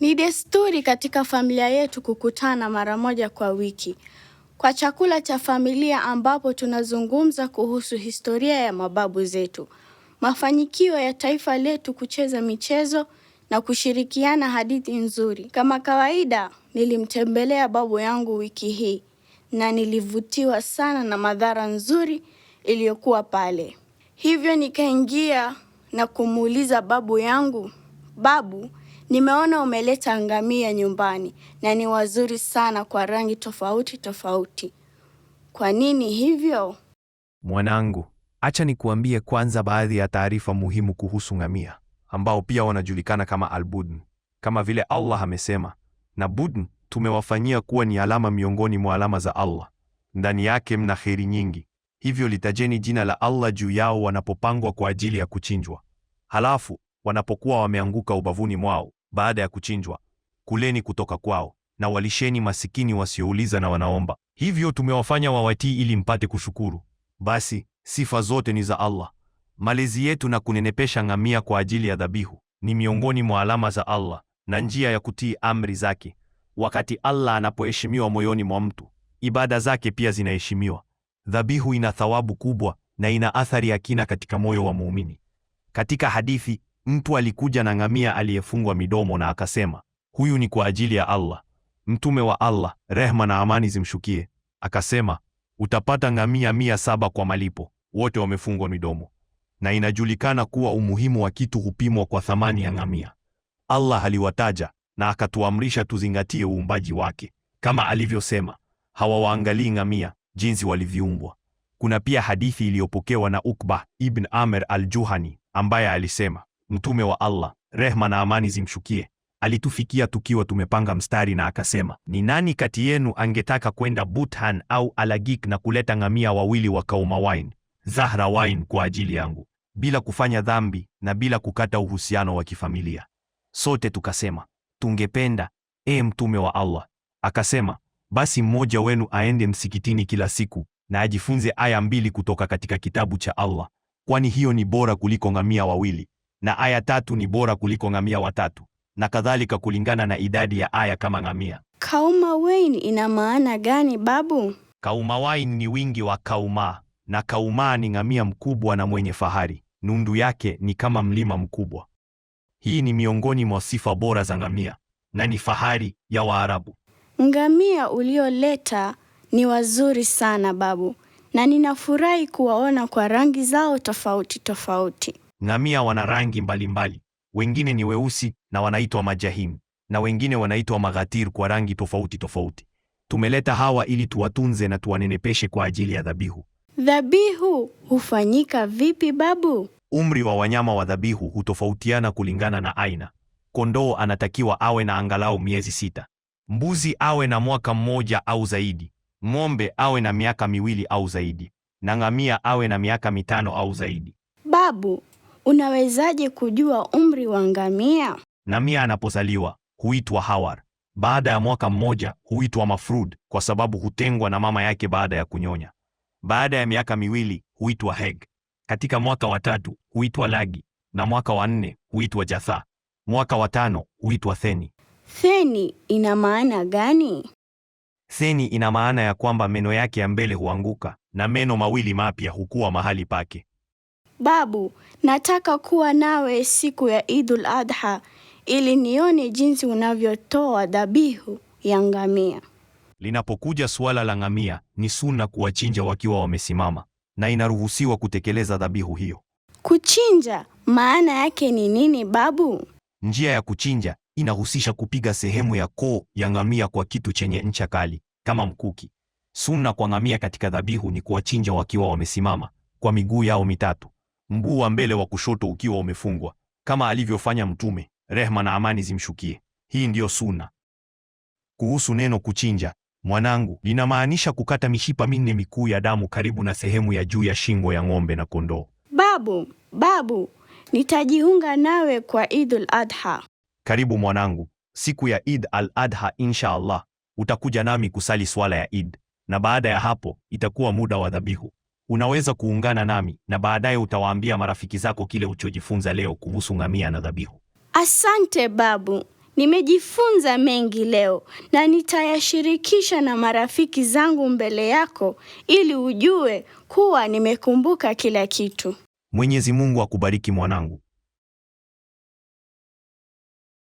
Ni desturi katika familia yetu kukutana mara moja kwa wiki kwa chakula cha familia ambapo tunazungumza kuhusu historia ya mababu zetu, mafanikio ya taifa letu, kucheza michezo na kushirikiana hadithi nzuri. Kama kawaida, nilimtembelea babu yangu wiki hii na nilivutiwa sana na madhara nzuri iliyokuwa pale. Hivyo nikaingia na kumuuliza babu yangu, babu, Nimeona umeleta ngamia nyumbani na ni wazuri sana kwa rangi tofauti tofauti. Kwa nini hivyo? Mwanangu, acha nikuambie kwanza baadhi ya taarifa muhimu kuhusu ngamia ambao pia wanajulikana kama Albudn. Kama vile Allah amesema, na budn tumewafanyia kuwa ni alama miongoni mwa alama za Allah, ndani yake mna kheri nyingi, hivyo litajeni jina la Allah juu yao wanapopangwa kwa ajili ya kuchinjwa, halafu wanapokuwa wameanguka ubavuni mwao, baada ya kuchinjwa. Kuleni kutoka kwao na walisheni masikini wasiouliza na wanaomba. Hivyo tumewafanya wawatii ili mpate kushukuru. Basi sifa zote ni za Allah. Malezi yetu na kunenepesha ngamia kwa ajili ya dhabihu ni miongoni mwa alama za Allah na njia ya kutii amri zake. Wakati Allah anapoheshimiwa moyoni mwa mtu, ibada zake pia zinaheshimiwa. Dhabihu ina thawabu kubwa na ina athari ya kina katika moyo wa muumini. Katika hadithi Mtu alikuja na ngamia aliyefungwa midomo na akasema, huyu ni kwa ajili ya Allah. Mtume wa Allah, rehma na amani zimshukie, akasema, utapata ngamia mia saba kwa malipo, wote wamefungwa midomo. Na inajulikana kuwa umuhimu wa kitu hupimwa kwa thamani ya ngamia. Allah aliwataja na akatuamrisha tuzingatie uumbaji wake kama alivyosema, hawawaangalii ngamia jinsi walivyoumbwa. Kuna pia hadithi iliyopokewa na Ukba ibn Amer al-Juhani ambaye alisema Mtume wa Allah, rehma na amani zimshukie, alitufikia tukiwa tumepanga mstari na akasema, ni nani kati yenu angetaka kwenda Buthan au Alagik na kuleta ngamia wawili wa kauma wain Zahra Wine kwa ajili yangu bila kufanya dhambi na bila kukata uhusiano wa kifamilia? Sote tukasema tungependa, e Mtume wa Allah. Akasema, basi mmoja wenu aende msikitini kila siku na ajifunze aya mbili kutoka katika kitabu cha Allah, kwani hiyo ni bora kuliko ngamia wawili na aya tatu ni bora kuliko ngamia watatu na kadhalika, kulingana na idadi ya aya kama ngamia. wain ina maana gani babu? wain ni wingi wa kauma, na kauma ni ngamia mkubwa na mwenye fahari. Nundu yake ni kama mlima mkubwa. Hii ni miongoni mwa sifa bora za ngamia na ni fahari ya Waarabu. Ngamia ulioleta ni wazuri sana babu, na ninafurahi kuwaona kwa rangi zao tofauti tofauti. Ngamia wana rangi mbalimbali, wengine ni weusi na wanaitwa majahimu na wengine wanaitwa maghatir kwa rangi tofauti tofauti. Tumeleta hawa ili tuwatunze na tuwanenepeshe kwa ajili ya dhabihu. Dhabihu hufanyika vipi babu? Umri wa wanyama wa dhabihu hutofautiana kulingana na aina. Kondoo anatakiwa awe na angalau miezi sita, mbuzi awe na mwaka mmoja au zaidi, ng'ombe awe na miaka miwili au zaidi, na ngamia awe na miaka mitano au zaidi. Babu, Unawezaje kujua umri wa ngamia? Ngamia anapozaliwa huitwa hawar. Baada ya mwaka mmoja huitwa mafrud kwa sababu hutengwa na mama yake baada ya kunyonya. Baada ya miaka miwili huitwa heg. Katika mwaka wa tatu huitwa lagi na mwaka wa nne huitwa jatha. Mwaka wa tano huitwa theni. Theni ina maana gani? Theni ina maana ya kwamba meno yake ya mbele huanguka na meno mawili mapya hukua mahali pake. Babu, nataka kuwa nawe siku ya Idul Adha ili nione jinsi unavyotoa dhabihu ya ngamia. Linapokuja suala la ngamia, ni sunna kuwachinja wakiwa wamesimama na inaruhusiwa kutekeleza dhabihu hiyo. Kuchinja maana yake ni nini babu? Njia ya kuchinja inahusisha kupiga sehemu ya koo ya ngamia kwa kitu chenye ncha kali kama mkuki. Sunna kwa ngamia katika dhabihu ni kuwachinja wakiwa wamesimama kwa miguu yao mitatu mguu wa mbele wa kushoto ukiwa umefungwa kama alivyofanya Mtume, rehma na amani zimshukie. Hii ndiyo suna. Kuhusu neno kuchinja, mwanangu, linamaanisha kukata mishipa minne mikuu ya damu karibu na sehemu ya juu ya shingo ya ng'ombe na kondoo. Babu, babu, nitajiunga nawe kwa Idul Adha. Karibu mwanangu, siku ya Id al Adha insha Allah utakuja nami kusali swala ya Id, na baada ya hapo itakuwa muda wa dhabihu. Unaweza kuungana nami na baadaye utawaambia marafiki zako kile uchojifunza leo kuhusu ngamia na dhabihu. Asante babu, nimejifunza mengi leo na nitayashirikisha na marafiki zangu mbele yako ili ujue kuwa nimekumbuka kila kitu. Mwenyezi Mungu akubariki mwanangu.